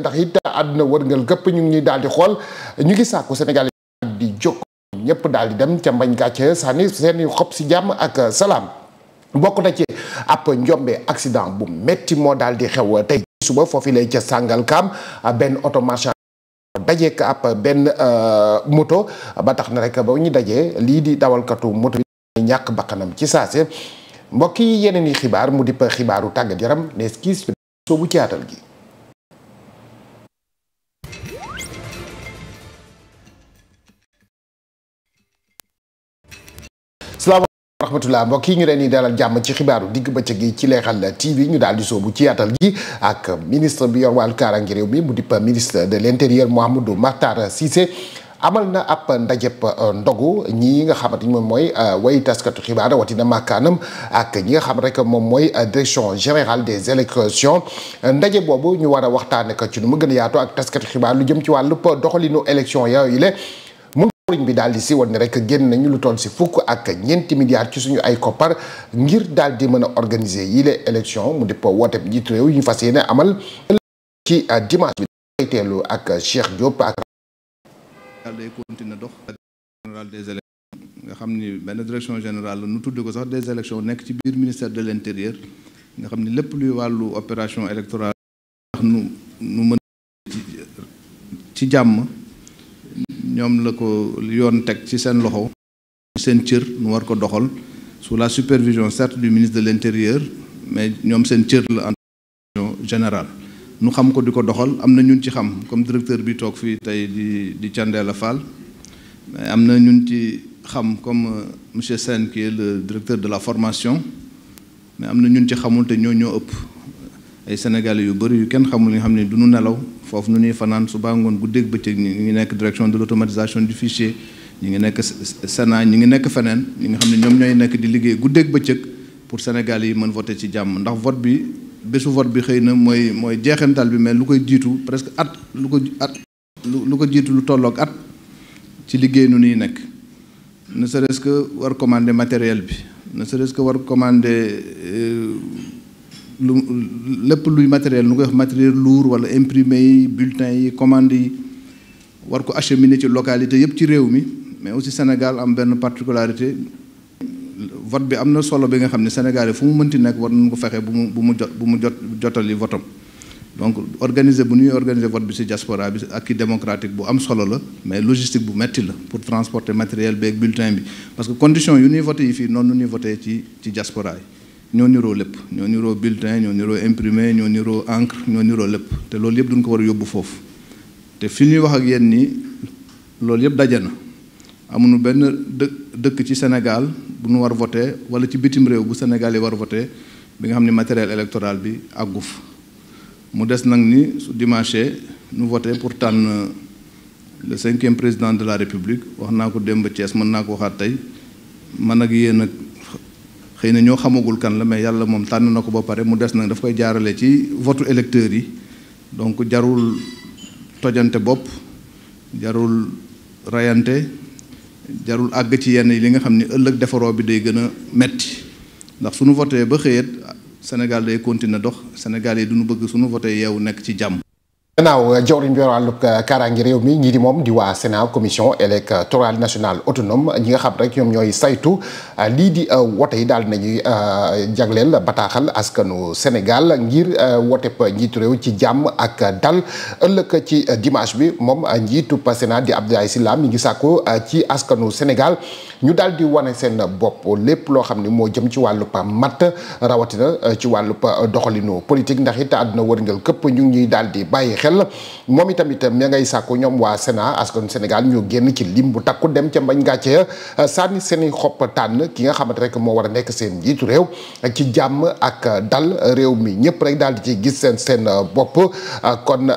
ndax it àdduna wërngal këpp ñu ngi ñuy daal di xool ñu ngi sàkku Sénégal di jóg ñëpp daal di dem ca mbañ gàcce sànni seeni xob si jàmm ak salaam bokk na ci ab njombe accident bu metti moo daal di xew tey suba foofu lay ca kaam benn oto marchand dajeek ab benn euh, moto ba tax na rek ba ñu dajee lii di dawalkatu moto bi ñàkk bakkanam ci saase mbokk yi yeneen yi xibaar mu dipp xibaaru tàggat yaram ne skis soobu ci atal gi rahmatullah mbokk yi ñu leen di dalal jàmm ci xibaaru digg bëccëg gi ci Leral TV ñu daal di soobu ci yaatal gi ak ministre bi yor wàllu kaaraange réew mi mu di ministre de l'intérieur Mouhamadou Makhtar Cissé amal na ndaje ndajeb ndogu ñi nga xamante ni moom mooy uh, way taskatu xibaar watina màkkaanam ak ñi nga xam rek moom mooy uh, direction général des élections ndaje boobu ñu war a waxtaane ko ci nu mu gën a yaatu ak taskatu xibaar lu jëm ci wàllu doxalinu élection yooyu le sëriñ bi daal di si woon ne rek génn nañu lu toll si fukk ak ñeenti milliards ci suñu ay koppar ngir daal di mën a organiser yii les élections mu dëppoo woote bi jiitu yi ñu fas yéene amal ci dimanche bi day teelu ak Cheikh Diop ak day continuer dox général des élections nga xam ni benn direction générale nu tudd ko sax des élections nekk ci biir ministère de l'intérieur nga xam ni lépp luy wàllu opération électorale tax nu nu mën ci jàmm ñoom la ko yoon teg ci seen loxo seen cër nu war ko doxal su la supervision certes du ministre de l'intérieur mais ñoom seen cër la en général nu xam ko di ko doxal am na ñun ci xam comme directeur bi toog fii tey di di Thiendella Fall am na ñun ci xam comme euh, monsieur Sène qui est le directeur de la formation mais am na ñun ci xamul te ñoo ñoo ëpp ay sénégalais yu bëri yu kenn xamul yi nga xam ne du ñu nelaw foofu nu ñuy fanaan suba ngoon guddeeg bëccëg ñi ngi nekk direction de l'automatisation du fichier ñi ngi nekk senaa ñi ngi nekk feneen ñi nga xam ne ñoom ñooy nekk di liggéey guddeeg bëccëg pour Sénégal yi mën voter ci jàmm ndax vote bi bésu vote bi xëy na mooy mooy jeexantal bi mais lu koy jiitu presque at lu ko at lu ko jiitu lu tollook at ci liggéey nu ñuy nekk ne serait-ce que war commander matériel bi ne serait que war commander euh, lu lépp luy matériel nu koy wax matériel lourd wala imprimé yi bulletin yi commande yi war ko acheminer ci localité yëpp ci réew mi mais aussi Sénégal am benn particularité vote bi am na solo bi nga xam ne Sénégal fu mu mënti nekk war nañu ko fexe bu mu bu mu jot bu mu jot jotali votam donc organiser bu ñuy organiser vote bi ci diaspora bi ak ki démocratique bu am solo la mais logistique bu metti la pour transporter matériel bi ak bulletin bi parce que condition yu ñuy voté yi fii noonu ñuy ci ci yi ñoo niroo lépp ñoo niroo bulletin ñoo niroo imprimé ñoo niroo encre ñoo niroo lépp te loolu yëpp duñ ko war a yóbbu foofu te fi ñuy wax ak yéen ni loolu yëpp daje na nu benn dë dëkk ci Sénégal bu ñu war voté wala ci bitim réew bu Sénégal yi war voté bi nga xam ne matériel électoral bi àggu mu des nag ni su dimanche nu voté pour tànn euh, le cinquième président de la république wax naa ko démb Thiès mën naa ko waxaat tey man nag yéen xëy na ñoo xamagul kan la mais yàlla moom tànn na ko ba pare mu des nag daf koy jaarale ci votu électeurs yi donc jarul tojante bopp jarul reyante jarul àgg ci yenn yi li nga xam ni ëllëg defaroo bi day gën a metti ndax suñu voté ba xëyet Sénégal day continuer dox Sénégal yi duñu bëgg sunu voté yeewu nekk ci jàmm gannaaw eh, jawriñ bi wàllug eh, kaaraangi réew mi ñii di moom di waa Sénat commission électorale national autonome ñi nga xam rek ñoom ñooy saytu eh, lii di wote yi daal nañuy jagleel bataaxal askanu Sénégal ngir woteb njiitu réew ci jàmm ak dal ëllëg ci dimanche bi moom njiitu Sénat di Abdoulaye Sylla mi ngi sakko ci askanu Sénégal ñu daal di wane seen bopp lépp loo xam ni moo jëm ci wàllub matt rawatina ci wàllub doxalinu politique ndax it àdduna wërngal këpp xel moom itamit ña ngay sàkku ñoom waa Sénat askan Sénégal ñu génn ci lim bu takku dem ca mbañ gàcce euh, sànni seen i xob tànn ki nga xamante rek moo war a nekk seen jiitu réew ci jàmm ak dal réew mi ñëpp rek daal di ci gis seen seen euh, bopp euh, kon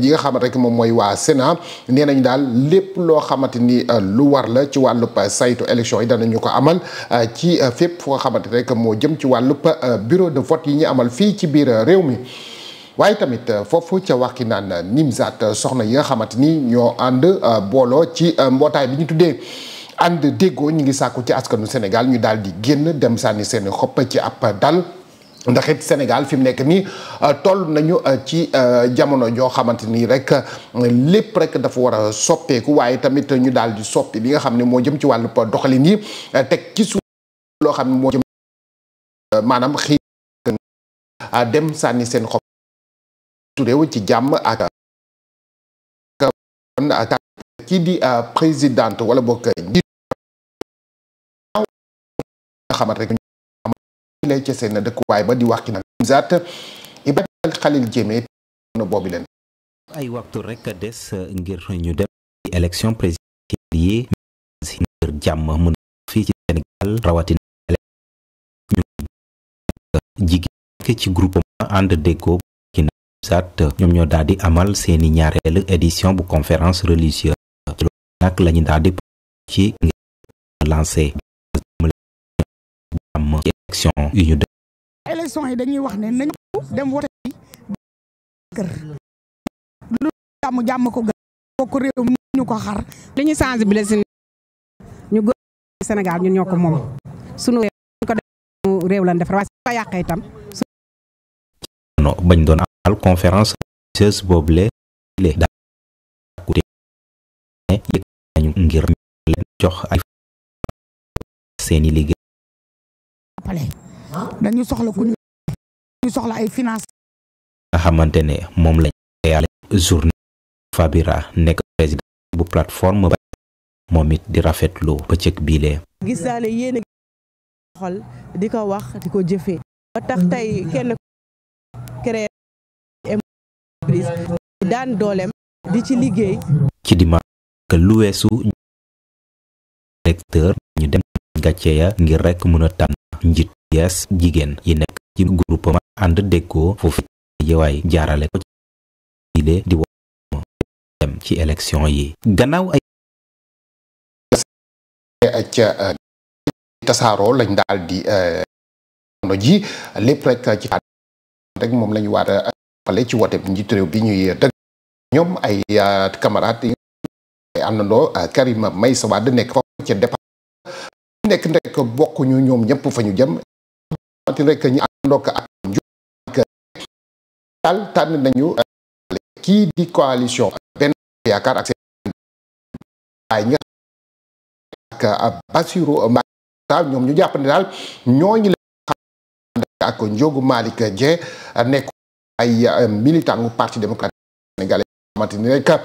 ñi nga xamante rek moom mooy waa sena nee nañ daal lépp loo xamante ni lu war la ci wàllub saytu élection yi danañu ko amal ci fépp foo xamante rek moo jëm ci wàllu wàllub bureau de vote yi ñu amal fii ci biir réew mi waaye tamit euh, foofu ca waxi naan euh, nimsaat euh, soxna yi nga xamante ni ñoo ànd booloo ci mbootaay bi ñu tuddee ànd déggoo ñu ngi sàkku ci askanu Sénégal ñu daal di génn dem sànni seeni xopp ci ab dal ndax it Sénégal fi mu nekk nii toll nañu ci jamono joo xamante nii rek lépp rek dafa war a soppeeku waaye tamit ñu daal di soppi li nga xam ne moo jëm ci wàllu doxalin yi teg ci suuf loo xam ne moo jëm maanaam xii sànni seen xob réew ci jàmm ak kon kii di euh, présidente wala bokk njiit nga xamante rek ñu lay ci seen dëkkuwaay ba di wax ci nag zaat Ibrahima Khalil Diémé boobu ay waxtu rek a des ngir ñu dem ci élection présidentielle yi ngir jàmm mën fii ci Sénégal rawatina ñu jigéen ci groupement ànd déggoo sat ñoom ñoo daal di amal seeni ñaareelu édition bu conférence religieuse ci loolu nag la ñu daal di ci ngir lancé am élection yi dañuy wax ne nañu dem wote yi kër lu jàmm jàmm ko gën bokk réew mi ñu ko xar li ñu sensibiliser ñu gën Sénégal ñun ñoo ko moom sunu réew ko def réew lan defar waaye su ko yàqee itam bañ doon conférence religieuse boobule lé dàkku te dañu soxla ku soxla ay finance nga xamante ne moom lañ yàlla journée Fabira nekk président bu plateforme ba moom it di rafetlu bëccëg biile gis naa ne yéen a ko wax di jëfee ba tax tey kenn entreprise daan dooleem di ci liggéey. ci dimanche lu weesu secteur ñu dem gàcce ya ngir rekk mën a tànn njit yees jigéen yi nekk ci groupement ànd déggoo foofu yewaay jaarale ko ci di wax dem ci élection yi gannaaw ay ca euh, tasaaroo lañ daal di euh, ji lépp rek ci rek moom lañu war pale ci woote njiit réew bi ñuy dëgg ñoom ay ah, camarades yi ay àndandoo ah, Karim Meïssa Wade nekk foofu ca départ nekk ndek bokkuñu ñoom ñëpp fa ñu jëm xamante rek daal tànn nañu ah, kii di coalition benn yaakaar ak seen ay ñi ak Bassirou Mbacke ñoom ñu jàpp ne daal ñooñu leen ak Ndiogou Malick Dieng nekk ay euh, militant gu parti démocratique sénégalais ka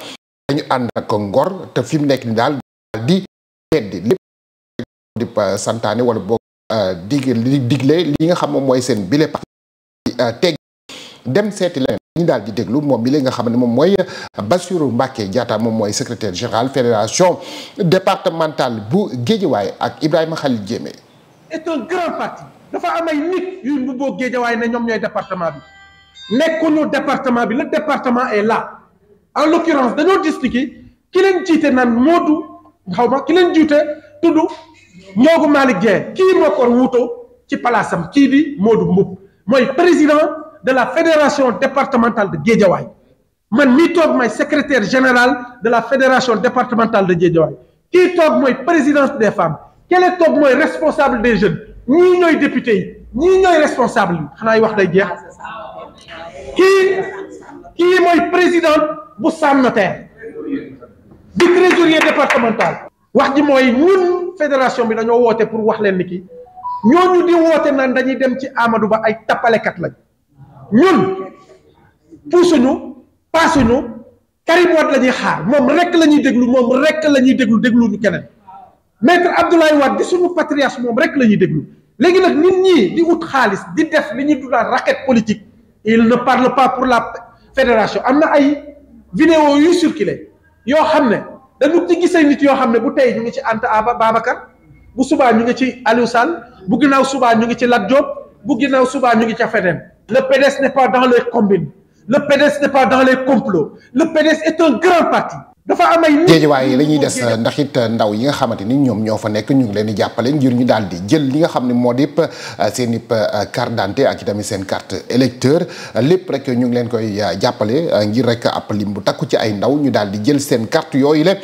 dañu ànd ak ngor te fi mu nekk ni daal di tedd lépp di euh, santaane wala boog euh, dig digle li nga xam moom mooy seen bile parti teg dem seeti leneen ñu daal di déglu moom mi li nga xam ne moom mooy Bassirou Mbacké Diatta moom mooy secretaire général fédération départementale bu Guédiawaye ak Ibrahima Khalil Diémé est grand parti dafa am ay nit yu bu boo Guédiawaye ne ñoom ñooy département bi nekkuñu département bi le département est la en l'occurrence dañoo displiquer ki leen jiite naan moodu xaw ma ki leen jiite tudd Ndiogou Malick Dieng kii moo ko wuutoo ci palaasam kii di Moodu Mbub mooy président de la fédération départementale de Guédiawaye man mii toog may secrétaire général de la fédération départementale de Guédiawaye kii toog mooy présidence des femmes kele toog mooy responsable des jeunes ñi ñooy députés yi ñii ñooy responsable yi xanaa wax day jeex kii kii mooy président bu Sam Notaire di trésorier départemental wax ji mooy ñun fédération bi dañoo woote pour wax leen ni ki ñooñu di woote naan dañuy dem ci Amadou Ba ay tappalekat lañ ñun puusuñu paasuñu Karim Wade la ñuy xaar moom rek la ñuy déglu moom rek la ñuy déglu dégluñu keneen maître Abdoulaye Wade di suñu patriarche moom rek la ñuy déglu léegi nag nit ñi di ut xaalis di def li ñuy dugal racket politique il ne parle pas pour la fédération am na ay vidéo yuy circulé yoo xam ne dañu ci gisee nit yoo xam ne bu tey ñu ngi ci Anta Aba Babacar bu subaa ñu ngi ci Aliou Sall bu ginnaaw subaa ñu ngi ci Lat Diop bu ginnaaw subaa ñu ngi ca feneen le PDS n'est pas dans les combines le PDS n'est pas dans les complots le PDS est un grand parti dafa am ay géejawaay yi dañuy des ndaxit eh, ndaw yi nga xamante ni ñoom ñoo fa nekk ñu ngi leen di jàppale ngir ñu daal di jël li nga xam ne moo di eh, seen i eh, carte d'identité ak itamit seen carte électeur lépp rek ñu ngi leen koy jàppale ngir rek ab lim bu takku ci ay ndaw ñu daal di jël seen carte yooyu la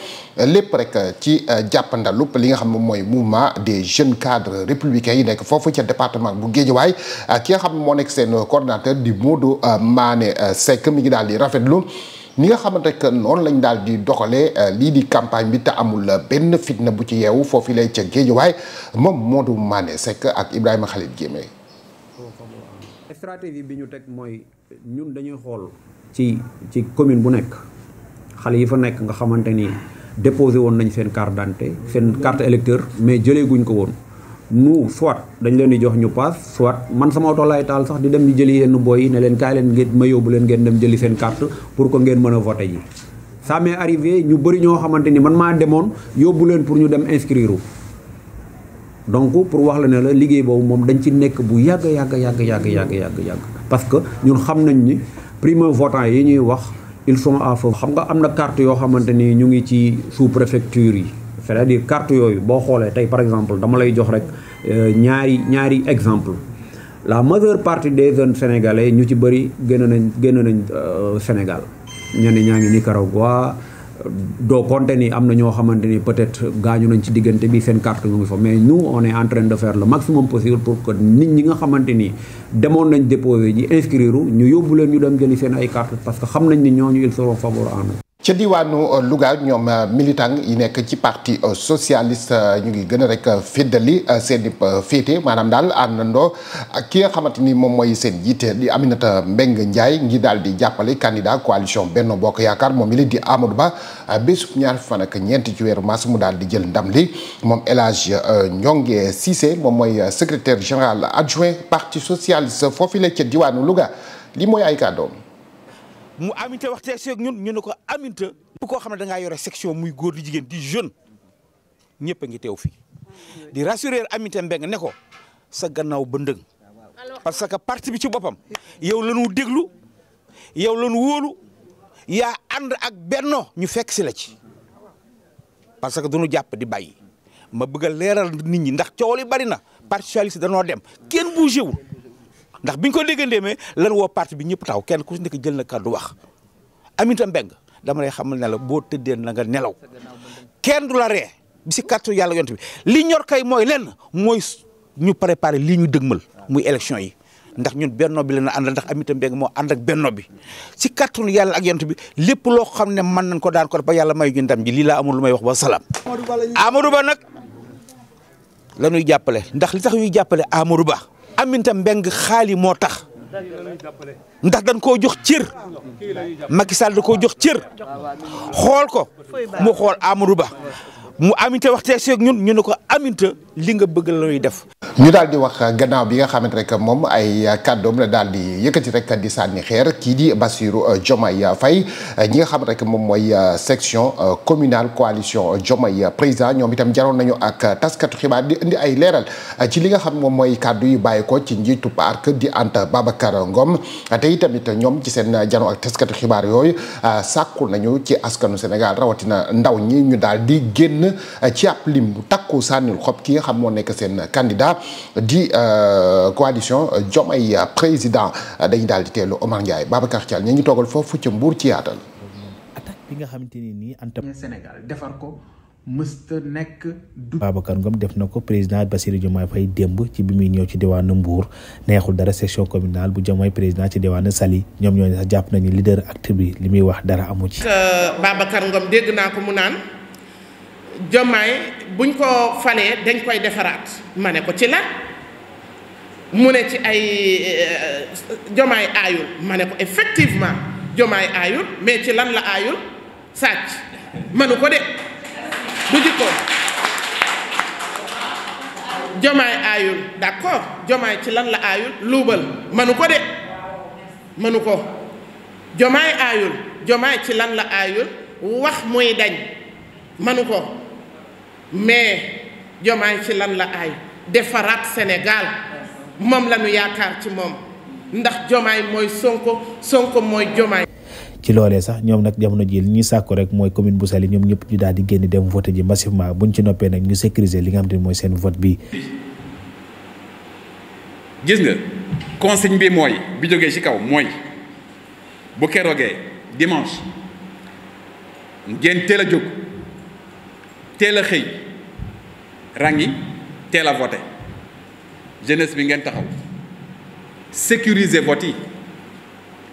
lépp rek ci jàppandalup li nga xam ne mooy mouvement des jeunes cadres républicains yi nekk foofu ca département bu Géejawaay ki nga xam ne moo nekk seen coordonnateur di Modou maane Seck mi ngi daal di rafetlu ni nga xamante que noonu lañ daal di doxalee euh, lii di campagne bi te amul euh, benn fitna bu ci yeewu foofu lay ca waaye moom Modou Mané sekk ak Ibrahima Khalil Diémé. stratégie bi ñu teg mooy ñun dañuy xool. ci ci commune bu nekk xale yi fa nekk nga xamante ni déposé woon nañ seen carte d'identité seen carte électeur mais jëlee guñ ko woon. nous soit dañ leen di jox ñu paas soit man sama oto laay taal sax di dem di jëli yenn boy yi ne leen kaay leen ngeen ma yóbbu leen ngeen dem jëli seen carte pour que ngeen mën a voté ji ça m'est arrivé ñu bëri ñoo xamante ni man maa demoon yóbbu leen pour ñu dem inscrire donc pour wax la ne la liggéey boobu moom dañ ci nekk bu yàgg yàgg yàgg yàgg yàgg yàgg yàgg parce que ñun xam nañ ni primo votant yi ñuy wax il sont à feu xam nga am na carte yoo xamante ni ñu ngi ci sous préfecture yi c'est-à-dire carte yooyu boo xoolee tey par exemple dama lay jox rek euh, ñaari ñaari exemple la majeure partie des jeunes sénégalais ñu ci bëri génn nañ génn nañ euh, Sénégal ñenn ñaa ngi Nicaragua doo compter ni am na ñoo xamante ni peut-être gaañu nañ ci diggante bi seen carte mu ngi fa mais nous on est en train de faire le maximum possible pour que nit ñi nga xamante ni demoon nañ déposé ji inscrire ñu yóbbu leen ñu dem jëli seen ay carte parce que xam nañ ni ñooñu ils seront favorables ca diwaanu euh, Louga ñoom euh, militant yi nekk ci parti euh, socialiste ñu ngi gën a rek féddali seen féete maanaam daal àndandoo ak ki nga xamante ni moom mooy seen jiite di Aminata mbeng Ndiaye ngi daal di jàppale candidat coalition Benno Bokk Yaakaar moom it di Amadou Ba bésub ñaar fan ak ñeenti ci weeru mars mu daal di jël ndam li moom El Hadj Ndiongue Cissé moom mooy secretaire général adjoint parti socialist foofu la ca diwaanu Louga lii mooy ay kàddoom mu Aminta waxtee seeg ñun ñu ne ko Aminta bu koo xam ne da yore section muy góor di jigéen di jeune ñëpp a ngi teew fii di rassurer Aminta Mbengue ne ko sa gannaaw bëndëng parce que parti bi ci boppam yow la ñu déglu yow la ñu wóolu yaa ànd ak benno ñu fekk si la ci parce que duñu jàpp di bàyyi ma bëgg a leeral nit ñi ndax coow li bari na parti socialiste danoo dem kenn bougé wul ndax bi biñ ko déggandéemee lan woo parti bi ñëpp taw kenn ku si nekk jël na kàddu wax Aminata Mbengue dama lay xamal ne la boo tëddee na nga nelaw kenn du la ree si kàttu yàlla yont bi li ñor kay mooy lenn mooy ñu préparer lii ñu dëgmal muy élection yi ndax ñun benno bi la na ndax Aminata Mbengue moo ànd ak benno bi si kàttanu yàlla ak yont bi lépp loo xam ne mën nañ ko daan ko ba yàlla may ñu ndam ji lii laa amul lu may wax ba salaam Amadou Ba nag la jàppale ndax li tax ñuy jàppale Amadou Ba Aminata Mbengue xaali moo tax ndax dañ koo jox cër Macky Sall da koo jox cër xool ko mu xool Amadou Ba mu wax waxtee si ñun ñu ne ko aminte li nga bëgg la ñuy def. ñu daal di wax gannaaw bi nga xamante rek moom ay kaddoom la daal di yëkkati rek di sànni xeer kii di Bassirou Diomaye fay ñi nga xamante rek moom mooy section communale coalition Diomaye président ñoom itam jaroon nañu ak taskatu xibaar di indi ay leeral ci li nga xam moom mooy kàddu yu bàyyi ci njiitu parc di Anta Babacar Ngom te itamit ñoom ci seen janoo ak taskatu xibaar yooyu sàkku nañu ci askanu Sénégal rawatina ndaw ñi ñu daal génn. génn ci ab lim bu takku sànnil xob ki nga xam moo nekk seen candidat di euh, coalition Diomaye président dañu daal di teelu Omar Ndiaye Babacar Thial ñu ngi toogal foofu ca Mbour ci yaatal. attaque bi nga xamante ni nii Anta. Sénégal defar ko. mësta nekk du. Babacar Ngom def na ko président ba Bassirou Diomaye Faye démb ci bi muy ñëw ci diwaanu Mbour neexul dara section communale bu Diomaye président ci diwaanu Saly ñoom ñoo sax jàpp nañu leader acte bi li muy wax dara amu ci. Euh, Babacar Ngom dégg naa ko mu naan. Diomaye buñ ko falee dañ koy defaraat ma ne ko ci la mu ne ci ay euh, Diomaye aayul ma ne ko effectivement Diomaye aayul mais ci lan la aayul sàcc mënu ko de du jikkoom Diomaye aayul d'accord Diomaye ci lan la aayul luubal mënu ko de mënu ko Diomaye aayul Diomaye ci lan la aayul wax muy dañ mënu ko mais jomaay ci lan la ay defaraat Sénégal moom la ñu yaakaar ci moom ndax jomaay mooy sonko sonko mooy jomaay. ci loolee sax ñoom nag jamono ji li ñuy sàkku rek mooy commune bu Saly ñoom ñëpp ñu daal di génn dem voté ji massivement buñ ci noppee nag ñu sécuriser li nga xam te mooy seen vote bi gis nga consigne bi mooy bi jógee ci kaw mooy bu keroogee dimanche ngeen teel a jóg teel a xëy. rangi teel a voté jeunesse bi ngeen taxaw sécuriser vote yi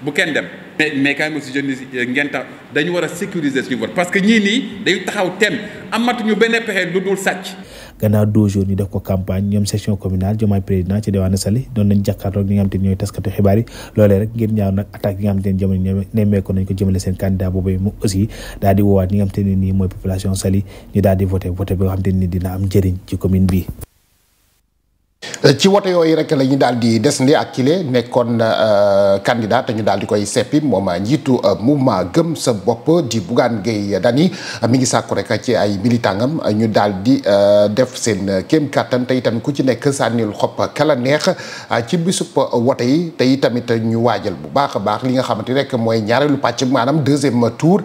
bu kenn dem. mais mais quand même aussi jeunesse euh, ngeen tax dañu war a sécuriser suñu vote parce que ñii nii dañu taxaw tem amatuñu benn pexe lu dul sàcc. gannaaw deux jours ñu def ko campagne ñoom section communale Diomaye président ci diwaanu Saly doon nañ jàkkaarloog ñi nga xam te ñooy rek ngir ñaaw nag attaque yi xam te ne jamono ñoom nemmeeku nañ ko jëmale seen candidat boobu mu aussi daal di woowaat xam te nii mooy population Saly ñu daal di voté voté xam te ne dina am njëriñ ci commune bi Euh, ci wote yooyu rek la ñu daal di des ndi ak kile nekkoon euh, candidat te ñu daal di koy seppi moom njiitu euh, mouvement gëm sa bopp di Bougane Gueye Dany mi ngi sàkku rek ci ay militangam ñu daal di def seen kéem kàttan te itam ku ci nekk sànnil xob kala neex ci bisub wote yi te ñu waajal bu baax a baax li nga xamante rek mooy ñaareelu pàcc maanaam deuxième tour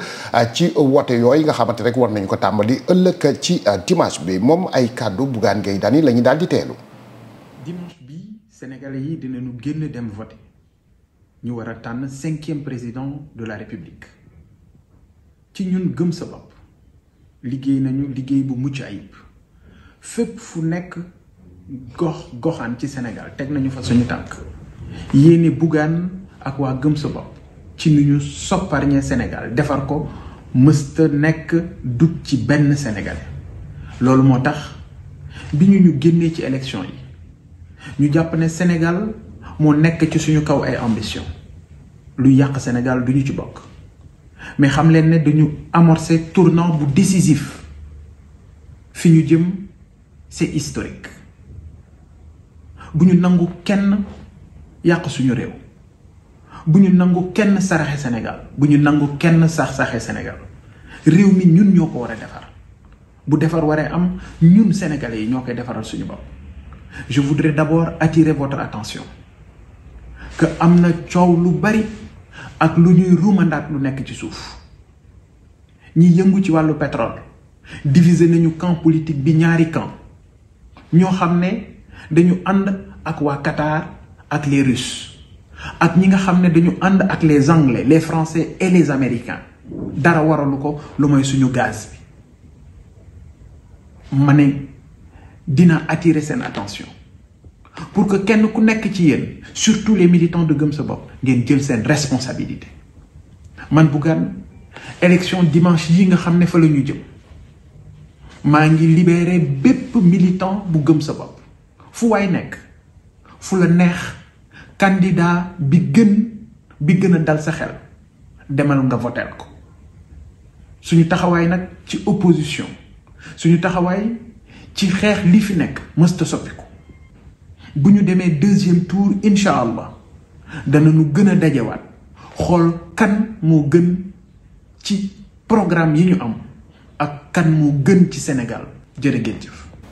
ci wote yooyu nga xamante rek war nañu ko tàmbali ëllëg ci dimanche bi moom ay kàddu Bougane Gueye Dany la ñu daal di teelu dimanche bi sénégalais yi dinañu génn dem voter ñu war a tànn cinquième président de la république ci ñun gëm sa bopp liggéey nañu liggéey bu mucc ayib fépp fu nekk gox goxaan ci Sénégal teg nañu fa suñu tànk yéene Bougane ak waa gëm sa bopp ci nu ñu sopparñee Sénégal defar ko mësta nekk dut ci benn Sénégalais loolu moo tax bi ñu ñu génnee ci élection yi ñu jàpp ne Sénégal moo nekk ci suñu kaw ay ambition lu yàq Sénégal du ñu ci bokk mais xam leen ne dañu amorcer tournant bu décisif fi ñu jëm c'est historique bu ñu nangu kenn yàq suñu réew bu ñu nangu kenn saraxe Sénégal bu ñu nangu kenn sax-saxe Sénégal réew mi ñun ñoo ko war a defar bu defar waree am ñun sénégalais yi ñoo koy defaral suñu bopp je voudrais d'abord attirer votre attention que am na coow lu bari ak lu ñuy ruumandaat lu nekk ci suuf ñi yëngu ci wàllu pétrole diviser nañu camp politique bi ñaari camp ñoo xam ne dañu ànd ak waa Qatar ak les Russes ak ñi nga xam ne dañu ànd ak les Anglais les Français et les Américains dara waralu ko lu mooy suñu gaz bi ma dina attirer seen attention pour que kenn ku nekk ci yéen surtout les militants de gëm sa bopp ngeen jël seen responsabilité man Bougane élection dimanche yi nga xam ne fa la ñu jëm maa ngi libéré bépp militant bu gëm sa bopp fu waay nekk fu la neex candidat bi gën bi gën a dal sa xel demal nga voteel ko suñu taxawaay nag ci opposition suñu taxawaay ci xeex li fi nekk mësta soppiku bu ñu demee deuxième tour incha allah dana nu gën a dajewaat xool kan moo gën ci programme yi ñu am ak kan moo gën ci Sénégal jërë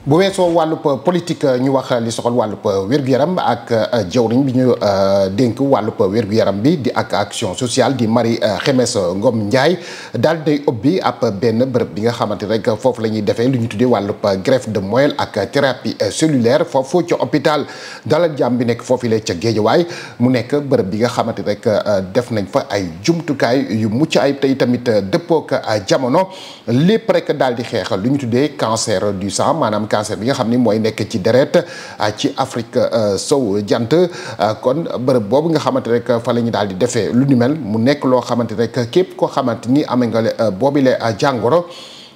bu weesoo wàllub politique ñu wax li soxal wàllub wér-gu-yaram ak euh, jawriñ bi ñu euh, dénk wàllub wér-gu-yaram bi di ak action sociale di Marie euh, Xemes Ngom Ndiaye daal day ubbi ab benn bërëb bi nga xamante rek foofu la ñuy defee lu ñu tuddee wàllub greffe de moelle ak thérapie cellulaire foofu ca hôpital Dalal jaam bi nekk foofu la ca Géejawaay mu nekk bërëb bi nga xamante rek def nañ fa ay jumtukaay yu mucc ay tey tamit dëppook jamono lépp rek daal di xeexal lu ñu tuddee cancer cancer bi nga xam ni mooy nekk ci deret ah, ci Afrique euh, sow jant ah, kon bërëb boobu nga xamante rek fa la ñu daal di defee lu ni mel mu nekk loo xamante rek képp koo xamante ni amee nga euh, boobile ah, jàngoro.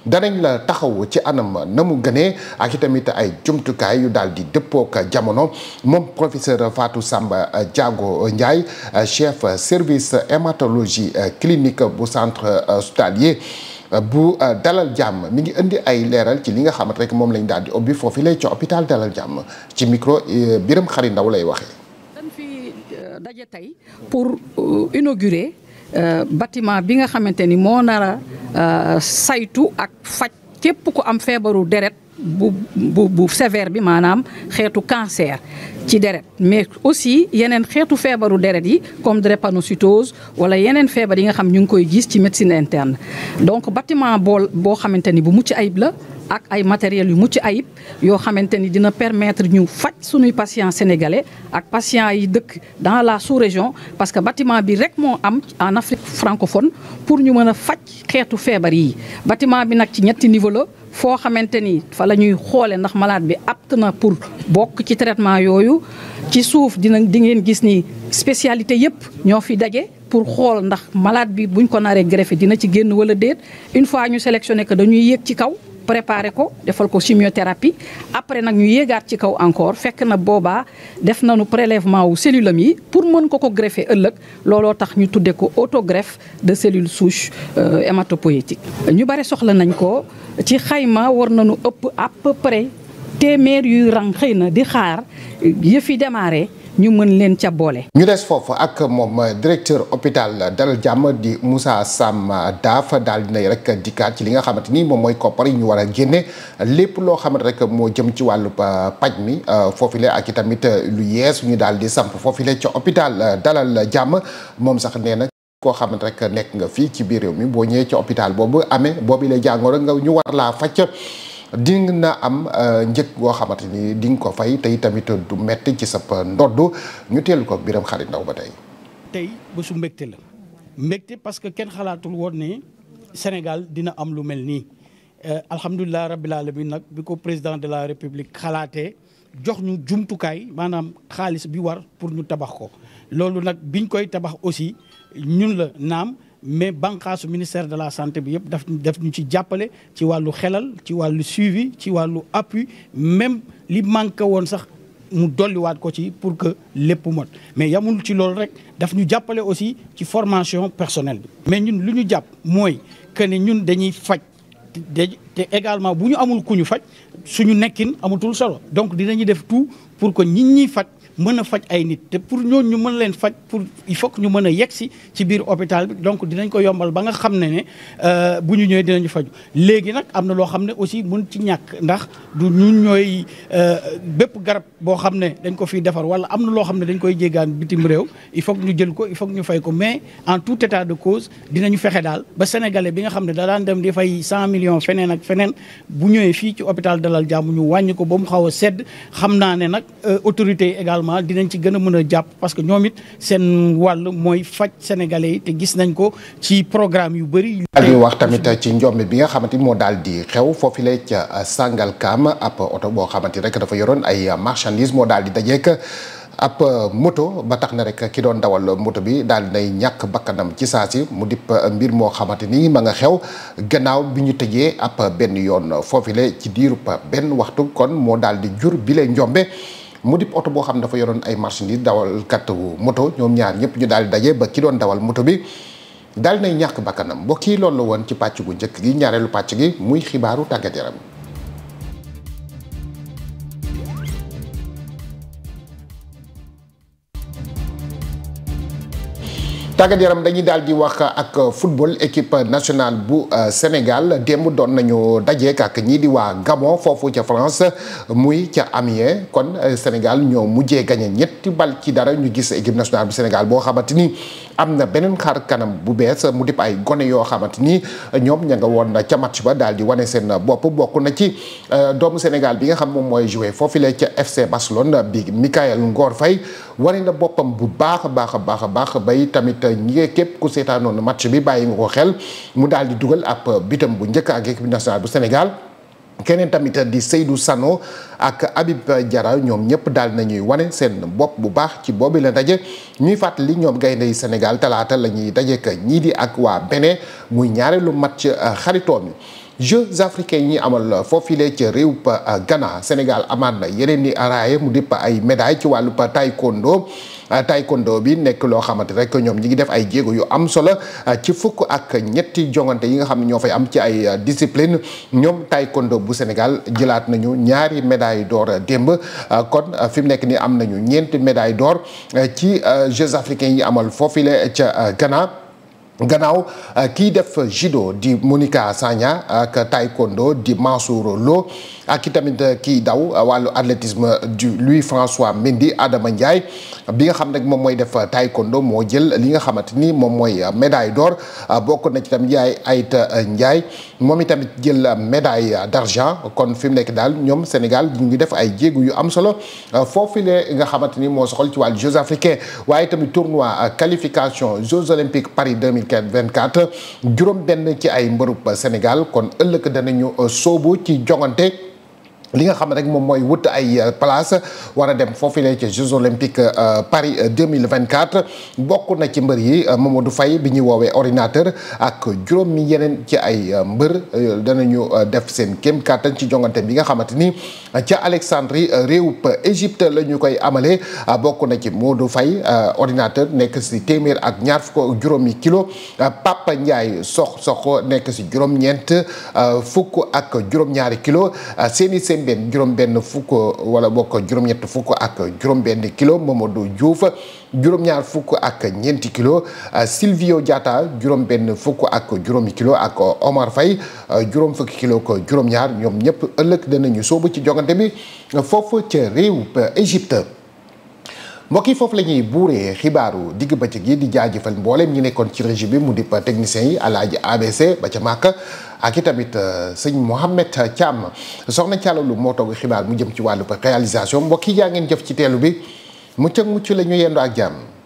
danañ la taxaw ci anam na mu gënee ak itamit ay jumtukaay yu daal di dëppook a jamono moom professeur faatu sàmba euh, Diago Ndiaye chef service hématologie clinique bu centre hospitalier bu euh, dalal jàmm mi ngi indi ay leeral ci li nga xamante rek moom lañ daal di ubbi foofu lay ca hôpital dalal jàmm ci micro euh, biram Khary Ndaw lay waxee. dañ fi euh, daje tey pour inaugurer bâtiment bi nga xamante ni moo nara a saytu ak faj képp ku am feebaru deret. bu bu bu sévère bi maanaam xeetu cancer ci deret mais aussi yeneen xeetu feebaru deret yi comme drépanocytose wala yeneen feebar yi nga xam ñu ngi koy gis ci médecine interne. donc batiment boo boo xamante ni bu mucc ayib la ak ay matériel yu mucc ayib yoo xamante ni dina permettre ñu faj suñuy patients sénégalais ak patients yi dëkk dans la sous-région parce que batiment bi rek moo am en Afrique francophone pour ñu mën a faj xeetu feebar yi batiment bi nag ci ñetti niveau foo xamante ni fa la ñuy xoole ndax malaat bi apte na pour bokk ci traitement yooyu ci suuf dina di ngeen gis ni spécialité yëpp ñoo fi daje pour xool ndax malaat bi buñ ko naree greffé dina ci génn wala déet une fois ñu sélectionné que dañuy yéeg ci kaw préparé ko defal ko chimiothérapie après nag ñu yéegaat ci kaw encore fekk na boobaa def na nañu prélèvement wu cellule am yi pour mën ko ko greffer ëllëg looloo tax ñu tudde ko autogreffe de cellule souche euh, hématopoïétique ñu bare soxla nañ ko ci xayma war nañu ëpp à près téeméer yuy rang xëy na di xaar yëf yi démarré ñu mën leen ca boole. ñu des foofu ak moom directeur hôpital Dalal Jàmm di musa Sam Daaf daal dinay rek dikkaat ci li nga xamante ni moom mooy koppar yi ñu war génne lépp loo xamante rek moo jëm ci wàllu euh, paj mi foofu euh, foofule ak i tamit lu yees ñu daal di samp foofule ca hôpital Dalal Jàmm moom sax nee na koo xamante rek nekk nga fii ci biir réew mi boo ñëwee ci hôpital boobu amee boobu lay jàngoro nga ñu war laa faj. ding na am euh, njëg boo xamante ni di nga ko fay tey tamit du metti ci sa ndodd ñu teelu ko biram xarit ndaw ba tey. tey bésu mbégte la mbégte parce que kenn xalaatul woon ne Sénégal dina am lu mel nii euh, alhamdulilah rabbil bi nag bi ko président de la république xalaatee jox ñu jumtukaay maanaam xaalis bi war pour ñu tabax ko loolu nag biñ koy tabax aussi ñun la naam. mais bànqaasu ministère de la santé bi yëpp daf daf ñu ci jàppale ci wàllu xelal ci wàllu suivi ci wàllu appui même li manqué woon sax mu dolliwaat ko ci pour que lépp mot mais yamul ci loolu rek daf ñu jàppale aussi ci formation personnelle bi. mais ñun lu ñu jàpp mooy que ne ñun dañuy faj te te également bu ñu amul ku ñu faj suñu nekkin amatul solo donc dinañu def tout pour que ñi ñuy faj. mën a faj ay nit te pour ñooñu ñu mën leen faj pour il faut ñu mën a yegg si ci biir hôpital donc dinañ ko yombal ba nga xam ne ne euh, bu ñu ñëwee dinañu faj léegi nag am na loo xam ne aussi mun ci ñàkk ndax du ñun ñooy euh, bépp garab boo xam ne dañ ko fiy defar wala am na loo xam ne dañ koy jéggaan bitim réew il faut ñu jël ko il faut ñu fay ko mais en tout état de cause dinañu fexe daal ba sénégalais bi nga xam ne da daan dem di fay cent millions feneen ak feneen bu ñëwee fii ci hôpital Dalal Jàmm ñu wàññi ko ba mu xaw a sedd xam naa ne nag euh, autorité également vraiment dinañ ci gën a mën a jàpp parce que ñoom it seen wàll mooy faj sénégalais yi te gis nañ ko ci programme yu bëri. daal di wax tamit ci njombe bi nga xamante ni moo daal di xew foofu la ca Sangalkam ab oto boo xamante ni rek dafa yoroon ay marchandise moo daal di dajeek ab moto ba tax na rek ki doon dawal moto bi daal di ñàkk bakkanam ci saa si mu dipp mbir moo xamante ni ma nga xew gannaaw bi ñu tëjee ab benn yoon foofile ci diirub benn waxtu kon moo daal di jur bile njombe mu di oto boo xam ne dafa yoroon ay marchandises dawal kat moto ñoom ñaar ñëpp ñu daal di daje ba ki doon dawal moto bi dal nay ñàkk bakkanam mbokk kii loolu la woon ci pàcc gu njëkk gi ñaareelu pàcc gi muy xibaaru tàggat yaram tàggat yaram dañuy daal di wax ak football équipe nationale bu euh, Sénégal démb doon nañu dajeek ak ñii di waa Gabon foofu ca France muy ca Amiens kon euh, Sénégal ñoo mujjee gagné ñetti bal ci dara ñu gis équipe nationale bu Sénégal boo xamante ni. am na beneen xar kanam bu bees mu dip ay gone yoo xamante ni ñoom ña nga woon ca match ba daal di wane seen bopp bokk na ci euh, doomu Sénégal bi nga xam moom mooy joué foofu la ca FC Barcelone bi Mikayil Ngor fay wane na boppam bu baax a baax a baax a baax bay tamit ñi képp ku seetaanoon match bi bàyyi nga ko xel mu dal di dugal ab bitam bu njëkk ak équipe nationale bu Sénégal keneen tamit di Seydou Sano ak Habib Diarra ñoom ñëpp daal nañuy wane seen bopp bu baax ci boobi la ndaje ñuy fàttali ñoom gaynde Sénégal talaata la ñuy daje ñii di ak waa bene muy ñaareelu match euh, xaritoom yi. Jeux africains yi amal foofile ci réew euh, Ghana Sénégal amaat na yeneen ni araaye mu dipp ay médaille ci wàllu taekwondo. Euh, taekwondo bi nekk loo xamante rek ñoom ñi ngi def ay jéego yu am solo euh, ci fukk ak ñetti jongante yi nga xam ne ñoo fay am ci ay euh, discipline ñoom taekwondo bu Sénégal jëlaat nañu ñaari médaille d'or démb kon fi mu nekk nii am nañu ñeenti médaille d'or ci Jeux africains yi amal foofile ca Ghana gannaaw kiy def judo di Monica Sagna ak taekwondo di Mansour Lo ak i tamit euh, kii daw euh, wàllu athlétisme du Louis François Mendy Adama Ndiaye bi nga xam nag moom mooy def euh, taekwondo moo jël li nga xamante ni moom mooy médaille d'or bokk na ci tamit yaay Aïta Ndiaye moom itamit jël médaille d'argent kon fi mu nekk daal ñoom Sénégal ñu ngi def ay jéegu yu am solo foofu le nga xamante ni moo soxal ci wàllu Jeux africains waaye tamit tournoi qualification Jeux olympiques Paris 2024 juróom benn ci ay mbërub Sénégal kon ëllëg danañu soobu ci jongante li nga xam rek moom mooy wut ay euh, place war a dem foofu la ci Jeux olympiques euh, Paris 2024 euh, bokk na ci mbër yi moom du Faye bi ñuy woowee ordinateur ak juróom yeneen ci ay mbër danañu def seen kéem kàttan ci jongante bi nga xamante ni ca Alexandrie réew Égypte la ñu koy amale ah, bokk na ci moo Modou Faye ordinateur nekk si téeméer ak ñaar fukk juróomi kilo ah, Papa Ndiaye sox sox nekk si juróom-ñeent fukk ak juróom-ñaari kilo ah, seeni seen peseeg benn juróom-benn fukk wala bokk juróom-ñett fukk ak juróom-benn kilo moom Mamadou Diouf juróom-ñaar fukk ak ñeenti kilo Silvio Diatta juróom-benn fukk ak juróomi kilo ak Omar Faye juróom fukki kilo ko juróom-ñaar ñoom ñëpp ëllëg danañu soobu ci jogante bi foofu ca réew Égypte. mbokk yi foofu la ñuy buuree xibaaru digg bëccëg gii di jaajëfal mbooleem ñi nekkoon ci régie bi mu di technicien yi alaaji ABC ba ca màkk ak i tamit euh, sëñ Mohamed Thiam soxna càllalu moo togg xibaar mu jëm ci wàllu réalisation mbokk yi yaa ngeen jëf ci teelu bi mucc ak mucc la ñu yendoo ak jàmm